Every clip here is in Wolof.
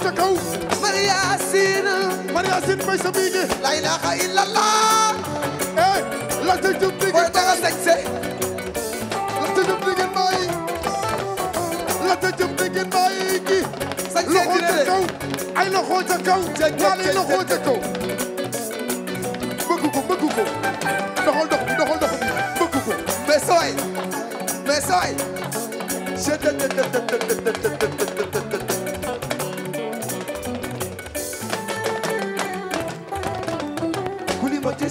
ca kaw Maria Sine Maria Sine mooy sa biige la ilaha illallah eh la ca jub digeen da nga sexe la ca jub digeen baay la ca jub digeen baay ki loxo ca kaw ay loxo ca kaw ñaari loxo ca kaw bëgg ko bëgg ko doxal dox bi doxal dox bi bëgg ko mais sooy mais sooy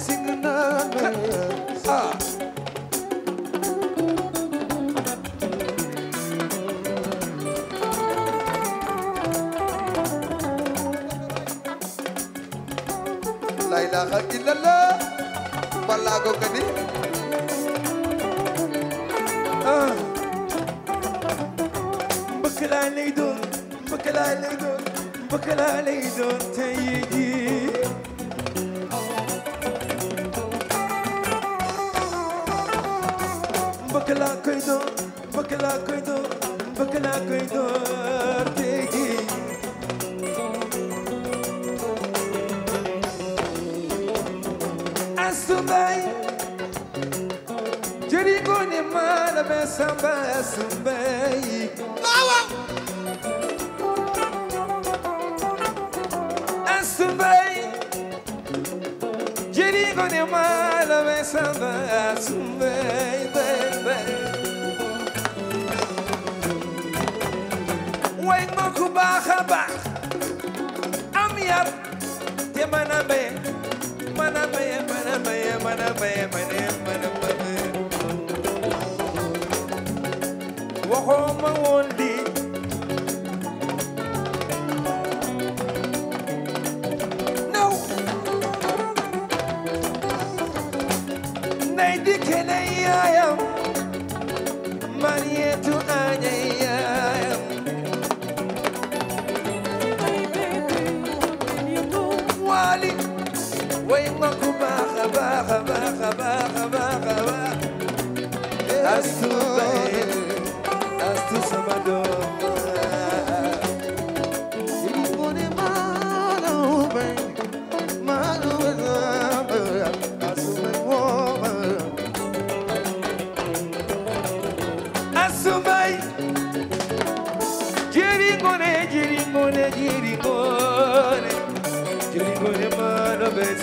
a a a mbëkk laa a doon mbëkk laa lay doon mbëkk laa lay doon tey jii mbëkk laa koy door mbëkk laa koy door mbëkk laa koy door tey jii asumbaay jëriñ ko ne maa la bee samba asumbaay Antônia Mara vem saudar Vem, vem, vem Ué, moco barra barra Amiar Te manabé Manabé, manabé, manabé, manabé, manabé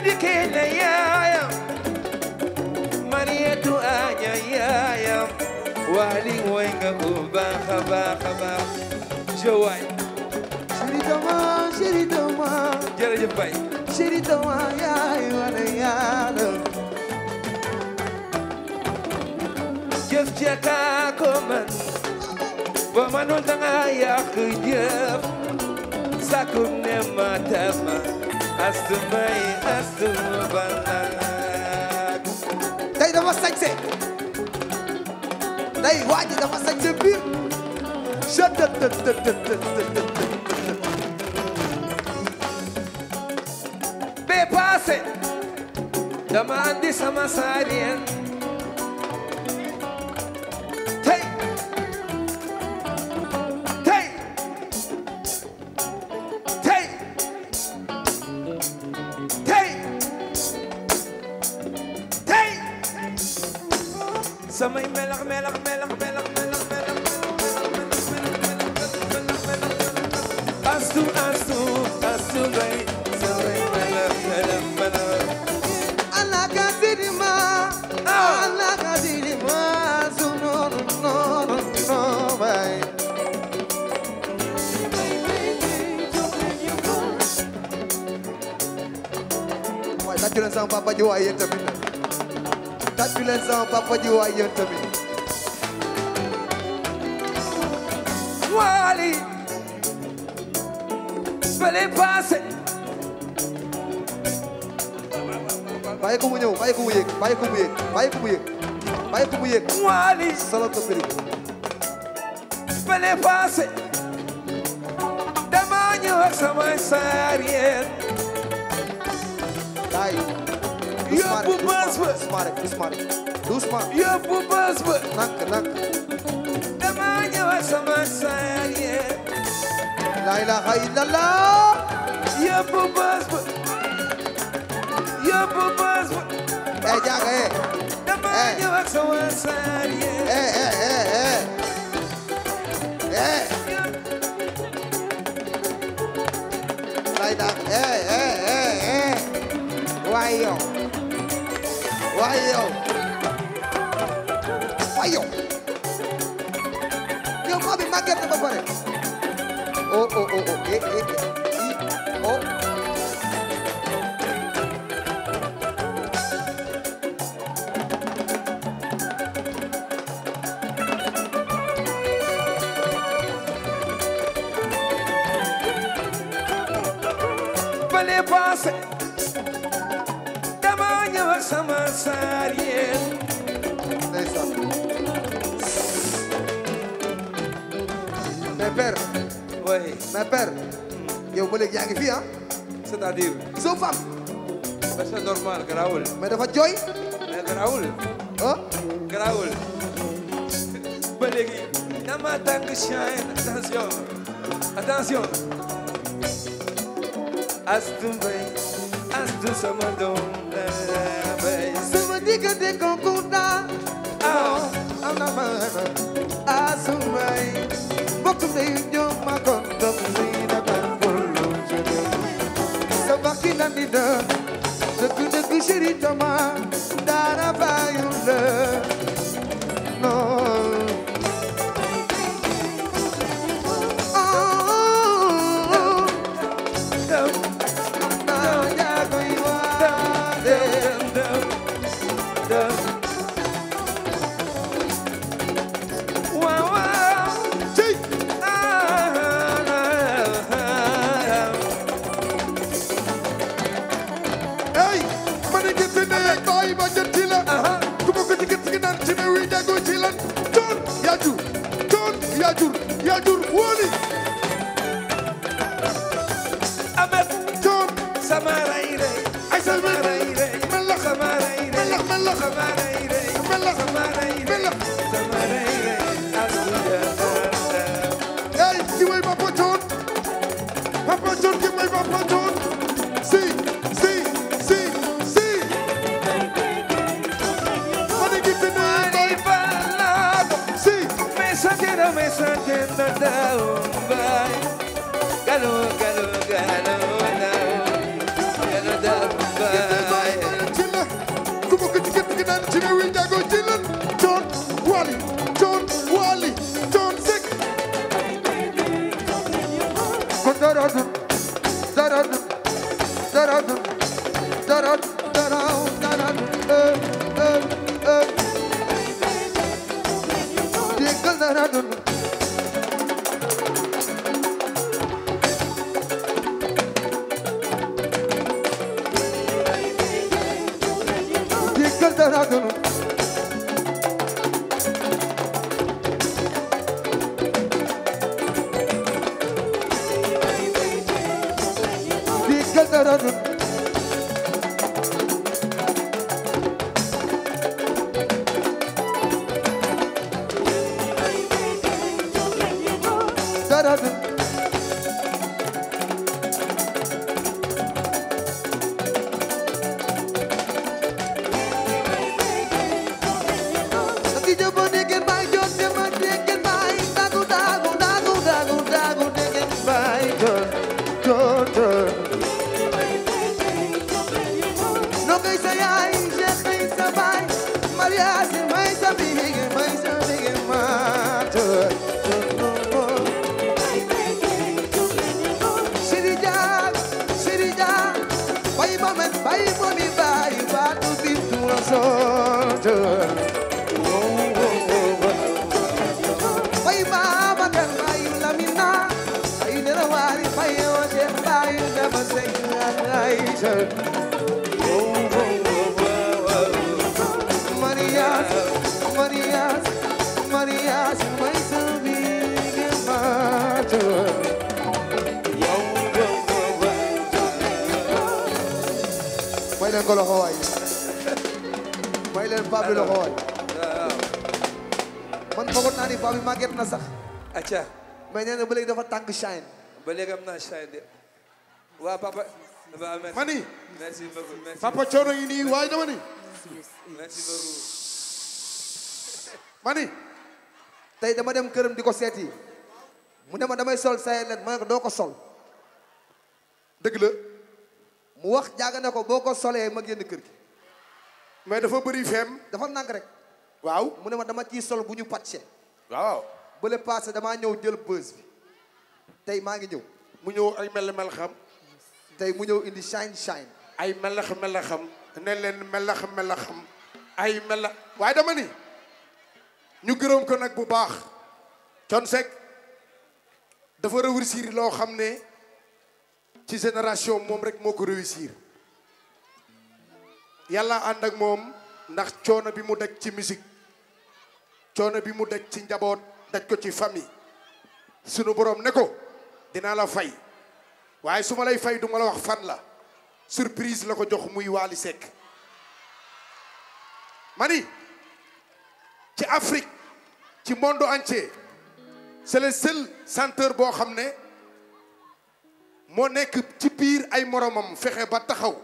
بكينا يا يم مريت آنيا يا يم والي وينك باخ باخ باخ جواي شريتما شريتما جل جباي شريتما يا وانا يا جف جكا كومن بمنو تنغا يا خجف ساكم نمتما astu mbay astu balaak tey dama sañse tey waa ji dama sañse biir bee paase dama andi sama saariyeen tàccu leen sama papa ji waay yéen tamit tàccu leen sama papa ji waay yéen tamit Wally bële passé bàyyi ko mu ñëw bàyyi ko mu yëg bàyyi ko mu yëg bàyyi ko mu yëg bàyyi ko mu yëg Wally salon ko bëri bële passé dama ñëw ak sama saar yéen ay yóbbu baas ba ismaare ismaare doucement yóbbu baas ba nak nak dama ñëwa sama saaye la ilaha illallah yóbbu baas ba yóbbu baas ba ay eh, jaaga eh dama eh. ñëwa sama saaye eh eh eh, eh. Israel. Israel. Meu nome Magueta Babaré. O O O O E, e, e, O Vale, passa. ñëwal sama saar yéen ndeysaan mais père oui mais père yow ba yaa ngi fii ah cest à normal garaawul mais dafa jooy mais garaawul ah ¿Oh? garaawul ba léegi dama tàng chien attention attention Astu Mbay Astu sama doom bay sama diggante konkur naa am na ma Astu Mbay bokk ndey ñoom ma kon doom si na ban bulu jële sama ki na ni dëgg dëgg chéri tama dara bayu la Don't, don't, don't. I don't know. da da da ko loxo waay may leen Pape loxo waay man foogoon naa ni Pape bi na sax acca mais nee na ba dafa tànk shine ba léegi am de papa coono yi nii waaye dama ni merci tey dama dem këram di ko seeti mu ne ma damay sol saye leen ma ne ko doo sol dëgg mu wax jaaga ne ko boo ko solee ma génn kër gi. mais dafa bari feem. dafa nànk rek. waaw mu ne ma dama ciy sol bu ñu pàcce. waaw bale passé damaa ñëw jël bës bi. tey maa ngi ñëw. mu ñëw ay mel mel xam. tey mu ñëw indi shine shine. ay melax melaxam ne leen melax melaxam ay melax waaye dama ni ñu gërëm ko nag bu baax. Thione Seck dafa réussir loo xam ne. ci génération moom rek moo ko réussir yàlla ànd ak moom ndax coono bi mu daj ci musique coono bi mu daj ci njaboot daj ko ci famille sunu borom ne ko dinaa la fay waaye su ma lay fay duma la wax fan la surprise la ko jox muy Waly Seck ma ci Afrique ci monde entier c'est le seul boo xam ne mo nek ci bir ay moromam fexé ba taxaw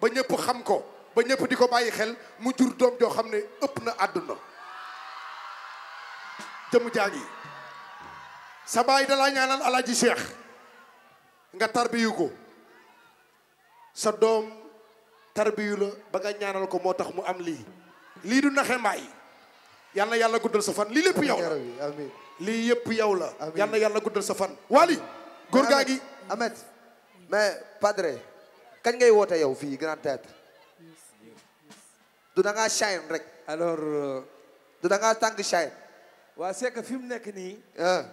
ba ñepp xam ko ba ñepp diko bayyi xel mu jur dom jo xamne ëpp na aduna jëmu jaa ngi sa da la ñaanal alaaji cheikh nga tarbiyu ko sa dom tarbiyu la ba nga ñaanal ko motax mu am li li du naxé may yalla na guddal sa fan li lepp yow la li yëpp yow la yalla yalla guddal sa fan wali gor gaagi Ahmed mais padre kañ ngay woote yow fii grand théâtre du danga ngaa rek. alors. Euh, du da ngaa tàng shine. waa c'est que fi mu nekk nii. Ah.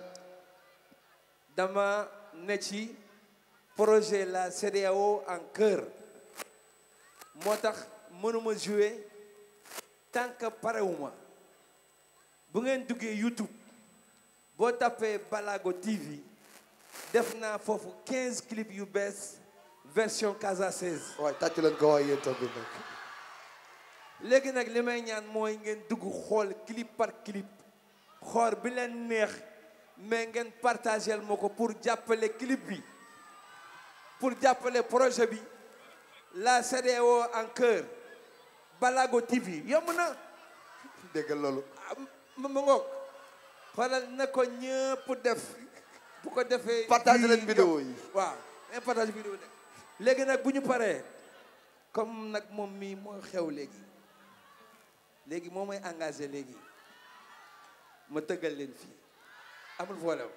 dama ne ci projet la CEDEAO en cœur moo tax mënuma jouer tant parewuma bu ngeen duggee YouTube boo tapee Balago TV. def naa foofu 15 clip yu bees version Casa a waay tàcc leen ko waay yéen tamit nag. léegi nag li may ñaan mooy ngeen dugg xool clip par clip xool bi leen neex mais ngeen partagel ma ko pour jàppale clip bi pour jàppale projet bi la CEDEAO en cœur Balago TV yomb na. dégg loolu. ma ah, ma ngoog xoolal na ko ñëpp def. bu ko defee partage leen vidéo yi waaw même partage vidéo nag léegi nag bu ñu paree comme nag moom mii moo xew léegi léegi moo may engagé léegi ma tëggal leen fii amul problème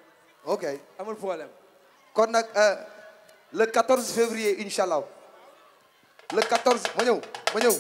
ok amul problème kon nag euh, le 14 février incha allah le 14 ma ñëw ma ñëw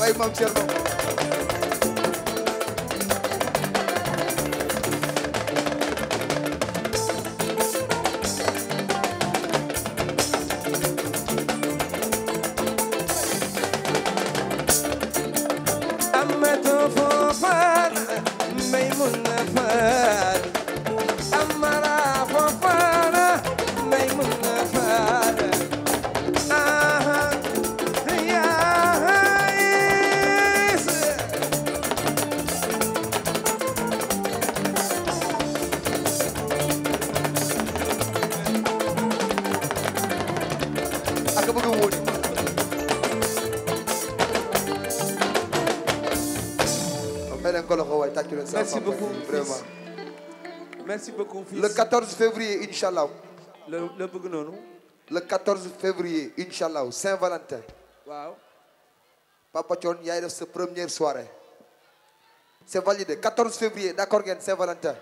Vai, irmão, tira, Merci beaucoup. Merci beaucoup, Le 14 février, Inch'Allah. Le, 14 février, Inch'Allah, Saint-Valentin. Wow. Papa John, il y a première soirée. C'est validé. 14 février, d'accord, Saint-Valentin.